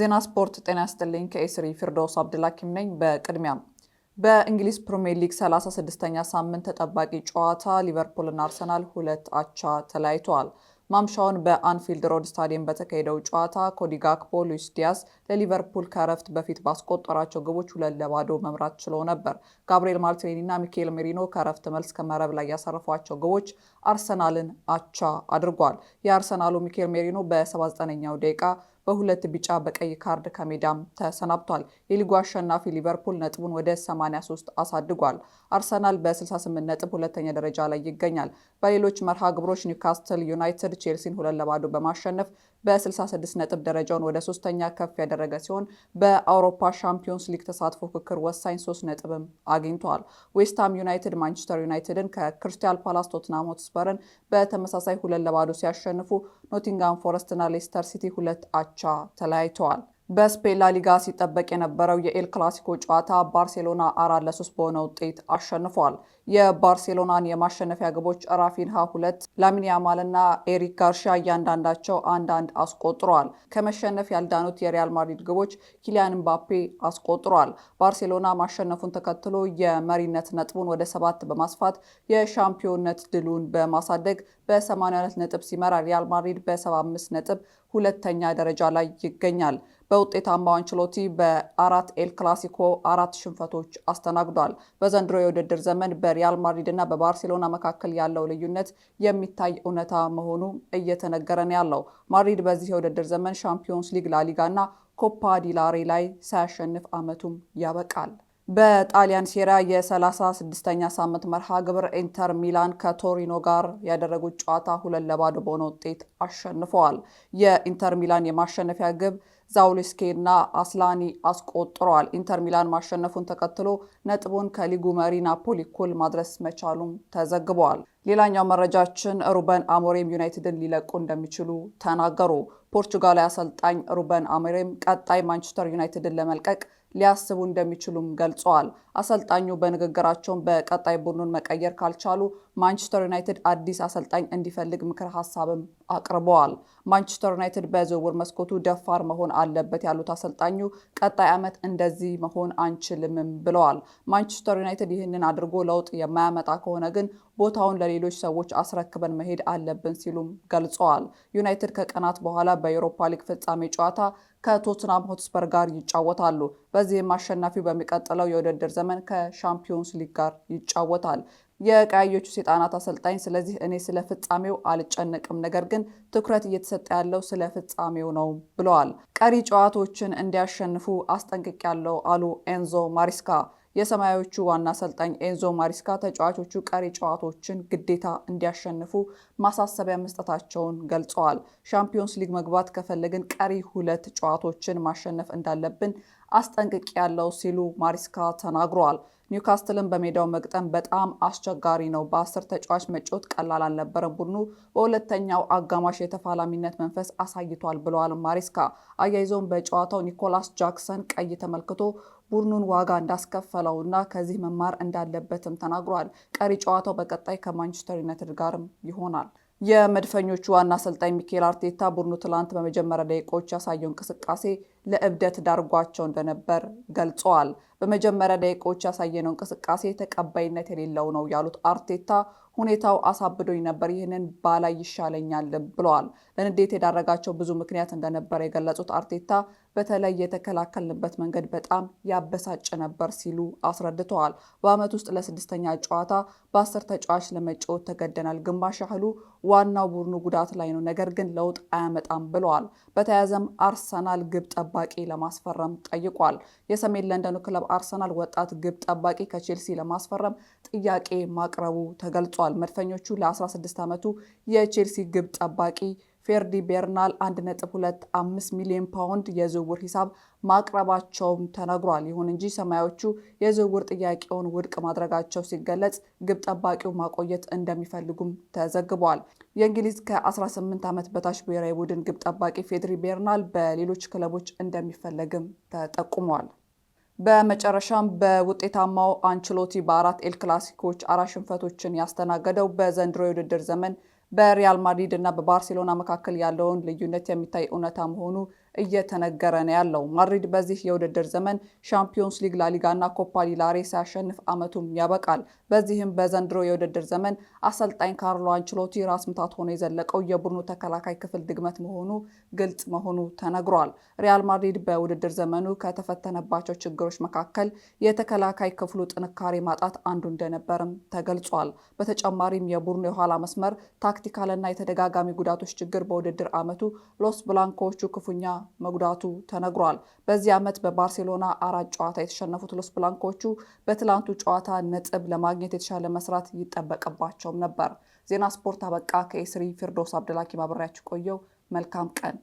ዜና ስፖርት። ጤና ያስጥልኝ። ከኤስሪ ፊርዶስ አብድላኪም ነኝ። በቅድሚያ በእንግሊዝ ፕሪምየር ሊግ 36ኛ ሳምንት ተጠባቂ ጨዋታ ሊቨርፑልና አርሰናል ሁለት አቻ ተለያይተዋል። ማምሻውን በአንፊልድ ሮድ ስታዲየም በተካሄደው ጨዋታ ኮዲ ጋክፖ፣ ሉዊስ ዲያስ ለሊቨርፑል ከረፍት በፊት ባስቆጠሯቸው ግቦች ሁለት ለባዶ መምራት ችሎ ነበር። ጋብሪኤል ማርቲኔሊ እና ሚካኤል ሜሪኖ ከረፍት መልስ ከመረብ ላይ ያሳረፏቸው ግቦች አርሰናልን አቻ አድርጓል። የአርሰናሉ ሚካኤል ሜሪኖ በ79ኛው ደቂቃ በሁለት ቢጫ በቀይ ካርድ ከሜዳም ተሰናብቷል። የሊጉ አሸናፊ ሊቨርፑል ነጥቡን ወደ 83 አሳድጓል። አርሰናል በ68 ነጥብ ሁለተኛ ደረጃ ላይ ይገኛል። በሌሎች መርሃ ግብሮች ኒውካስትል ዩናይትድ ቼልሲን ሁለት ለባዶ በማሸነፍ በ66 ነጥብ ደረጃውን ወደ ሶስተኛ ከፍ ያደረገ ሲሆን በአውሮፓ ሻምፒዮንስ ሊግ ተሳትፎ ፉክክር ወሳኝ ሶስት ነጥብም አግኝተዋል። ዌስትሃም ዩናይትድ ማንቸስተር ዩናይትድን ከክሪስታል ፓላስ፣ ቶትናም ሆትስፐርን በተመሳሳይ ሁለት ለባዶ ሲያሸንፉ ኖቲንጋም ፎረስትና ሌስተር ሲቲ ሁለት አቻ ተለያይተዋል። በስፔን ላሊጋ ሲጠበቅ የነበረው የኤል ክላሲኮ ጨዋታ ባርሴሎና አራት ለሶስት በሆነ ውጤት አሸንፏል። የባርሴሎናን የማሸነፊያ ግቦች ራፊንሃ ሁለት፣ ላሚን ያማል እና ኤሪክ ጋርሻ እያንዳንዳቸው አንዳንድ አስቆጥሯል። ከመሸነፍ ያልዳኑት የሪያል ማድሪድ ግቦች ኪሊያን ምባፔ አስቆጥሯል። ባርሴሎና ማሸነፉን ተከትሎ የመሪነት ነጥቡን ወደ ሰባት በማስፋት የሻምፒዮንነት ድሉን በማሳደግ በ84 ነጥብ ሲመራ ሪያል ማድሪድ በ75 ነጥብ ሁለተኛ ደረጃ ላይ ይገኛል። በውጤታማውን ችሎቲ በአራት ኤል ክላሲኮ አራት ሽንፈቶች አስተናግዷል። በዘንድሮ የውድድር ዘመን በሪያል ማድሪድ እና በባርሴሎና መካከል ያለው ልዩነት የሚታይ እውነታ መሆኑ እየተነገረ ነው ያለው። ማድሪድ በዚህ የውድድር ዘመን ሻምፒዮንስ ሊግ፣ ላሊጋ እና ኮፓ ዲላሬ ላይ ሳያሸንፍ አመቱም ያበቃል። በጣሊያን ሴራ የ36ኛ ሳምንት መርሃ ግብር ኢንተር ሚላን ከቶሪኖ ጋር ያደረጉት ጨዋታ ሁለት ለባዶ በሆነ ውጤት አሸንፈዋል። የኢንተር ሚላን የማሸነፊያ ግብ እና አስላኒ አስቆጥረዋል። ኢንተር ሚላን ማሸነፉን ተከትሎ ነጥቡን ከሊጉ መሪ ናፖሊ እኩል ማድረስ መቻሉም ተዘግበዋል። ሌላኛው መረጃችን ሩበን አሞሬም ዩናይትድን ሊለቁ እንደሚችሉ ተናገሩ። ፖርቹጋላዊ አሰልጣኝ ሩበን አሞሬም ቀጣይ ማንቸስተር ዩናይትድን ለመልቀቅ ሊያስቡ እንደሚችሉም ገልጸዋል። አሰልጣኙ በንግግራቸውን በቀጣይ ቡድኑን መቀየር ካልቻሉ ማንቸስተር ዩናይትድ አዲስ አሰልጣኝ እንዲፈልግ ምክር ሀሳብም አቅርበዋል። ማንቸስተር ዩናይትድ በዝውውር መስኮቱ ደፋር መሆን አለበት ያሉት አሰልጣኙ ቀጣይ ዓመት እንደዚህ መሆን አንችልምም ብለዋል። ማንቸስተር ዩናይትድ ይህንን አድርጎ ለውጥ የማያመጣ ከሆነ ግን ቦታውን ለሌሎች ሰዎች አስረክበን መሄድ አለብን ሲሉም ገልጸዋል። ዩናይትድ ከቀናት በኋላ በአውሮፓ ሊግ ፍጻሜ ጨዋታ ከቶትናም ሆትስፐር ጋር ይጫወታሉ። በዚህም አሸናፊው በሚቀጥለው የውድድር ዘመን ከሻምፒዮንስ ሊግ ጋር ይጫወታል። የቀያዮቹ ሰይጣናት አሰልጣኝ ስለዚህ እኔ ስለ ፍጻሜው አልጨነቅም፣ ነገር ግን ትኩረት እየተሰጠ ያለው ስለ ፍጻሜው ነው ብለዋል። ቀሪ ጨዋታዎችን እንዲያሸንፉ ያለው አሉ ኤንዞ ማሪስካ። የሰማያዊዎቹ ዋና አሰልጣኝ ኤንዞ ማሪስካ ተጫዋቾቹ ቀሪ ጨዋታዎችን ግዴታ እንዲያሸንፉ ማሳሰቢያ መስጠታቸውን ገልጸዋል። ሻምፒዮንስ ሊግ መግባት ከፈለግን ቀሪ ሁለት ጨዋታዎችን ማሸነፍ እንዳለብን አስጠንቅቅ ያለው ሲሉ ማሪስካ ተናግረዋል። ኒውካስትልን በሜዳው መግጠም በጣም አስቸጋሪ ነው። በአስር ተጫዋች መጫወት ቀላል አልነበረም። ቡድኑ በሁለተኛው አጋማሽ የተፋላሚነት መንፈስ አሳይቷል ብለዋል ማሪስካ። አያይዘውም በጨዋታው ኒኮላስ ጃክሰን ቀይ ተመልክቶ ቡድኑን ዋጋ እንዳስከፈለው እና ከዚህ መማር እንዳለበትም ተናግሯል። ቀሪ ጨዋታው በቀጣይ ከማንቸስተር ዩናይትድ ጋርም ይሆናል። የመድፈኞቹ ዋና አሰልጣኝ ሚኬል አርቴታ ቡድኑ ትላንት በመጀመሪያ ደቂቃዎች ያሳየው እንቅስቃሴ ለእብደት ዳርጓቸው እንደነበር ገልጸዋል። በመጀመሪያ ደቂቃዎች ያሳየነው እንቅስቃሴ ተቀባይነት የሌለው ነው ያሉት አርቴታ ሁኔታው አሳብዶኝ ነበር፣ ይህንን ባላይ ይሻለኛል ብለዋል። ለንዴት የዳረጋቸው ብዙ ምክንያት እንደነበረ የገለጹት አርቴታ በተለይ የተከላከልንበት መንገድ በጣም ያበሳጭ ነበር ሲሉ አስረድተዋል። በዓመት ውስጥ ለስድስተኛ ጨዋታ በአስር ተጫዋች ለመጫወት ተገደናል። ግማሽ ያህሉ ዋናው ቡድኑ ጉዳት ላይ ነው፣ ነገር ግን ለውጥ አያመጣም ብለዋል። በተያያዘም አርሰናል ግብ ጠባቂ ለማስፈረም ጠይቋል። የሰሜን ለንደኑ ክለብ አርሰናል ወጣት ግብ ጠባቂ ከቼልሲ ለማስፈረም ጥያቄ ማቅረቡ ተገልጿል። ገልጿል። መድፈኞቹ ለ16 ዓመቱ የቼልሲ ግብ ጠባቂ ፌርዲ ቤርናል 1.25 ሚሊዮን ፓውንድ የዝውውር ሂሳብ ማቅረባቸውም ተነግሯል። ይሁን እንጂ ሰማያዎቹ የዝውውር ጥያቄውን ውድቅ ማድረጋቸው ሲገለጽ ግብ ጠባቂው ማቆየት እንደሚፈልጉም ተዘግቧል። የእንግሊዝ ከ18 ዓመት በታች ብሔራዊ ቡድን ግብ ጠባቂ ፌድሪ ቤርናል በሌሎች ክለቦች እንደሚፈለግም ተጠቁሟል። በመጨረሻም በውጤታማው አንችሎቲ በአራት ኤል ክላሲኮች አራት ሽንፈቶችን ያስተናገደው በዘንድሮ የውድድር ዘመን በሪያል ማድሪድ እና በባርሴሎና መካከል ያለውን ልዩነት የሚታይ እውነታ መሆኑ እየተነገረ ነው ያለው። ማድሪድ በዚህ የውድድር ዘመን ሻምፒዮንስ ሊግ፣ ላሊጋና ኮፓ ዲላሬ ሲያሸንፍ አመቱም ያበቃል። በዚህም በዘንድሮ የውድድር ዘመን አሰልጣኝ ካርሎ አንችሎቲ ራስ ምታት ሆኖ የዘለቀው የቡድኑ ተከላካይ ክፍል ድግመት መሆኑ ግልጽ መሆኑ ተነግሯል። ሪያል ማድሪድ በውድድር ዘመኑ ከተፈተነባቸው ችግሮች መካከል የተከላካይ ክፍሉ ጥንካሬ ማጣት አንዱ እንደነበርም ተገልጿል። በተጨማሪም የቡድኑ የኋላ መስመር ታክቲካልና የተደጋጋሚ ጉዳቶች ችግር በውድድር ዓመቱ ሎስ ብላንኮዎቹ ክፉኛ መጉዳቱ ተነግሯል። በዚህ ዓመት በባርሴሎና አራት ጨዋታ የተሸነፉት ሎስ ብላንኮቹ በትላንቱ ጨዋታ ነጥብ ለማግኘት የተሻለ መስራት ይጠበቅባቸውም ነበር። ዜና ስፖርት አበቃ። ከኤስሪ ፊርዶስ አብደላኪ ማብሬያችሁ ቆየው። መልካም ቀን